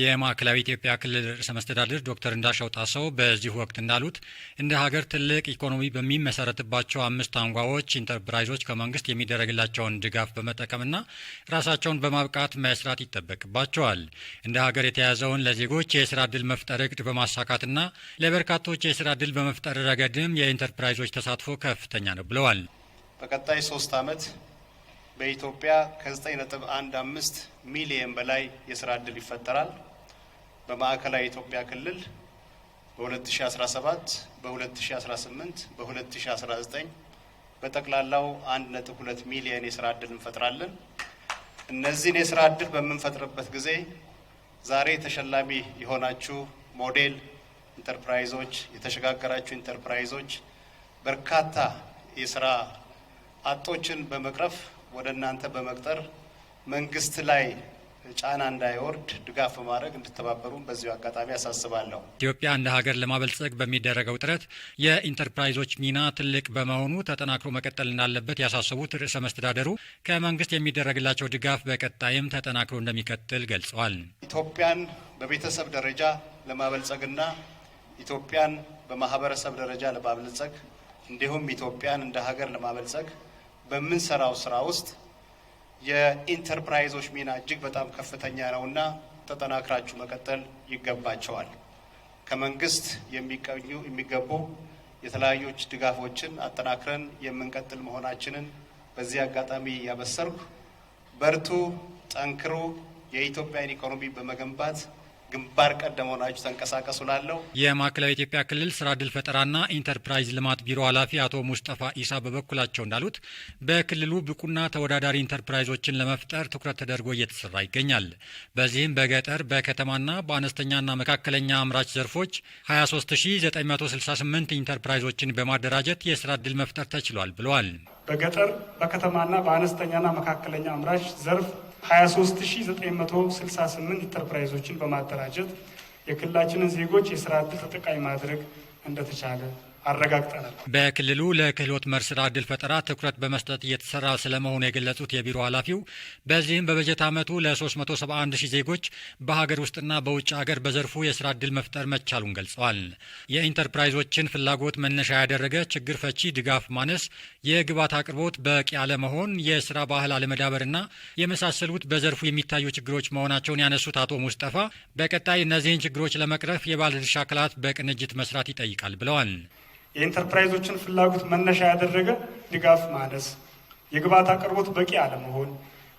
የማዕከላዊ ኢትዮጵያ ክልል ርዕሰ መስተዳድር ዶክተር እንዳሻው ጣሰው በዚህ ወቅት እንዳሉት እንደ ሀገር ትልቅ ኢኮኖሚ በሚመሰረትባቸው አምስት አንጓዎች ኢንተርፕራይዞች ከመንግስት የሚደረግላቸውን ድጋፍ በመጠቀምና ራሳቸውን በማብቃት መስራት ይጠበቅባቸዋል። እንደ ሀገር የተያዘውን ለዜጎች የስራ ዕድል መፍጠር እቅድ በማሳካትና ለበርካቶች የስራ ዕድል በመፍጠር ረገድም የኢንተርፕራይዞች ተሳትፎ ከፍተኛ ነው ብለዋል። በቀጣይ ሶስት ዓመት በኢትዮጵያ ከ9.15 ሚሊየን በላይ የስራ ዕድል ይፈጠራል። በማዕከላዊ ኢትዮጵያ ክልል በ2017 በ2018 በ2019 በጠቅላላው 1.2 ሚሊየን የስራ ዕድል እንፈጥራለን። እነዚህን የስራ ዕድል በምንፈጥርበት ጊዜ ዛሬ ተሸላሚ የሆናችሁ ሞዴል ኢንተርፕራይዞች፣ የተሸጋገራችሁ ኢንተርፕራይዞች በርካታ የስራ አጦችን በመቅረፍ ወደ እናንተ በመቅጠር መንግስት ላይ ጫና እንዳይወርድ ድጋፍ በማድረግ እንድተባበሩን በዚሁ አጋጣሚ ያሳስባለሁ። ኢትዮጵያ እንደ ሀገር ለማበልጸግ በሚደረገው ጥረት የኢንተርፕራይዞች ሚና ትልቅ በመሆኑ ተጠናክሮ መቀጠል እንዳለበት ያሳሰቡት ርዕሰ መስተዳደሩ ከመንግስት የሚደረግላቸው ድጋፍ በቀጣይም ተጠናክሮ እንደሚቀጥል ገልጸዋል። ኢትዮጵያን በቤተሰብ ደረጃ ለማበልጸግና ኢትዮጵያን በማህበረሰብ ደረጃ ለማበልጸግ እንዲሁም ኢትዮጵያን እንደ ሀገር ለማበልጸግ በምንሰራው ስራ ውስጥ የኢንተርፕራይዞች ሚና እጅግ በጣም ከፍተኛ ነውና ተጠናክራችሁ መቀጠል ይገባቸዋል። ከመንግስት የሚቀኙ የሚገቡ የተለያዩ ድጋፎችን አጠናክረን የምንቀጥል መሆናችንን በዚህ አጋጣሚ ያበሰርኩ። በርቱ፣ ጠንክሩ። የኢትዮጵያን ኢኮኖሚ በመገንባት ግንባር ቀደም ሆናችሁ ተንቀሳቀሱ ላለው የማዕከላዊ ኢትዮጵያ ክልል ስራ እድል ፈጠራና ኢንተርፕራይዝ ልማት ቢሮ ኃላፊ አቶ ሙስጠፋ ኢሳ በበኩላቸው እንዳሉት በክልሉ ብቁና ተወዳዳሪ ኢንተርፕራይዞችን ለመፍጠር ትኩረት ተደርጎ እየተሰራ ይገኛል። በዚህም በገጠር በከተማና በአነስተኛና መካከለኛ አምራች ዘርፎች 23968 ኢንተርፕራይዞችን በማደራጀት የስራ እድል መፍጠር ተችሏል ብለዋል። በገጠር በከተማና በአነስተኛና መካከለኛ አምራች ዘርፍ 23968 ኢንተርፕራይዞችን በማደራጀት የክልላችንን ዜጎች የስራ ዕድል ተጠቃሚ ማድረግ እንደተቻለ አረጋግጠናል። በክልሉ ለክህሎት መር ስራ ፈጠራ ትኩረት በመስጠት እየተሰራ ስለመሆኑ የገለጹት የቢሮ ኃላፊው በዚህም በበጀት ዓመቱ ለ371 ሺህ ዜጎች በሀገር ውስጥና በውጭ ሀገር በዘርፉ የስራ እድል መፍጠር መቻሉን ገልጸዋል። የኢንተርፕራይዞችን ፍላጎት መነሻ ያደረገ ችግር ፈቺ ድጋፍ ማነስ፣ የግብዓት አቅርቦት በቂ አለመሆን፣ የስራ ባህል አለመዳበርና የመሳሰሉት በዘርፉ የሚታዩ ችግሮች መሆናቸውን ያነሱት አቶ ሙስጠፋ በቀጣይ እነዚህን ችግሮች ለመቅረፍ የባለድርሻ አካላት በቅንጅት መስራት ይጠይቃል ብለዋል። የኢንተርፕራይዞችን ፍላጎት መነሻ ያደረገ ድጋፍ ማነስ፣ የግብዓት አቅርቦት በቂ አለመሆን፣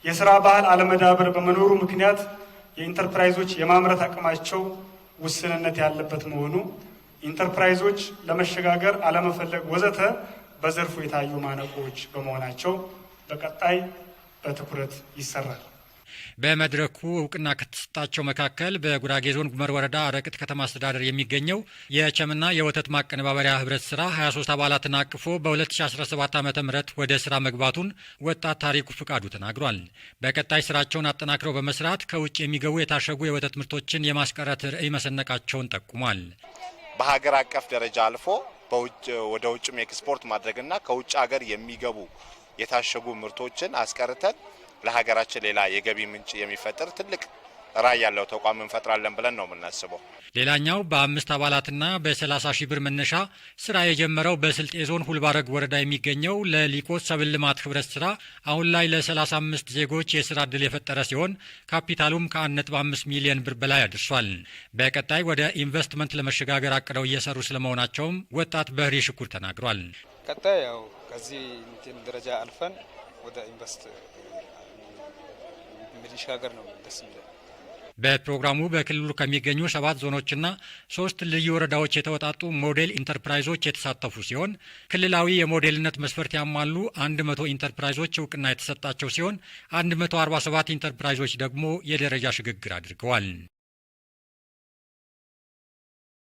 የስራ ባህል አለመዳበር በመኖሩ ምክንያት የኢንተርፕራይዞች የማምረት አቅማቸው ውስንነት ያለበት መሆኑ፣ ኢንተርፕራይዞች ለመሸጋገር አለመፈለግ ወዘተ በዘርፉ የታዩ ማነቆዎች በመሆናቸው በቀጣይ በትኩረት ይሰራል። በመድረኩ እውቅና ከተሰጣቸው መካከል በጉራጌ ዞን ጉመር ወረዳ ረቅት ከተማ አስተዳደር የሚገኘው የቸምና የወተት ማቀነባበሪያ ህብረት ስራ 23 አባላትን አቅፎ በ2017 ዓ ም ወደ ስራ መግባቱን ወጣት ታሪኩ ፍቃዱ ተናግሯል። በቀጣይ ስራቸውን አጠናክረው በመስራት ከውጭ የሚገቡ የታሸጉ የወተት ምርቶችን የማስቀረት ርዕይ መሰነቃቸውን ጠቁሟል። በሀገር አቀፍ ደረጃ አልፎ ወደ ውጭም ኤክስፖርት ማድረግና ከውጭ ሀገር የሚገቡ የታሸጉ ምርቶችን አስቀርተን ለሀገራችን ሌላ የገቢ ምንጭ የሚፈጥር ትልቅ ራዕይ ያለው ተቋም እንፈጥራለን ብለን ነው የምናስበው። ሌላኛው በአምስት አባላትና በ30 ሺህ ብር መነሻ ስራ የጀመረው በስልጤ ዞን ሁልባረግ ወረዳ የሚገኘው ለሊቆት ሰብል ልማት ህብረት ስራ አሁን ላይ ለ35 ዜጎች የስራ ዕድል የፈጠረ ሲሆን ካፒታሉም ከ1.5 ሚሊዮን ብር በላይ አድርሷል። በቀጣይ ወደ ኢንቨስትመንት ለመሸጋገር አቅደው እየሰሩ ስለመሆናቸውም ወጣት በህሪ ሽኩር ተናግሯል። ቀጣይ ያው ከዚህ ደረጃ አልፈን ወደ ኢንቨስት መሸጋገር ነው ደስ የሚለው። በፕሮግራሙ በክልሉ ከሚገኙ ሰባት ዞኖችና ሶስት ልዩ ወረዳዎች የተወጣጡ ሞዴል ኢንተርፕራይዞች የተሳተፉ ሲሆን ክልላዊ የሞዴልነት መስፈርት ያሟሉ 100 ኢንተርፕራይዞች እውቅና የተሰጣቸው ሲሆን 147 ኢንተርፕራይዞች ደግሞ የደረጃ ሽግግር አድርገዋል።